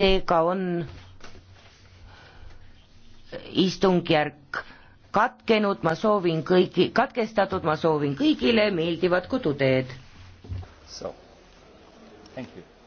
seega on istungjärk katkenud, ma soovin kõigi, katkestatud, ma soovin kõigile meeldivat koduteed.